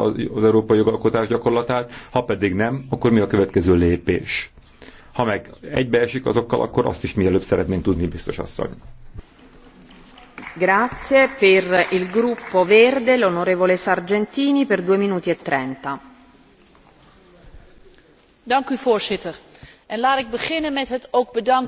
az európai jogalkotás gyakorlatát, ha pedig nem, akkor mi a következő lépés? Ha meg egybeesik azokkal, akkor azt is mielőbb szeretnénk tudni, biztos asszony. Grazie per il gruppo Verde, l'onorevole Sargentini per 2 minuti e 30. Dank u voorzitter. En laat ik beginnen met het ook bedanken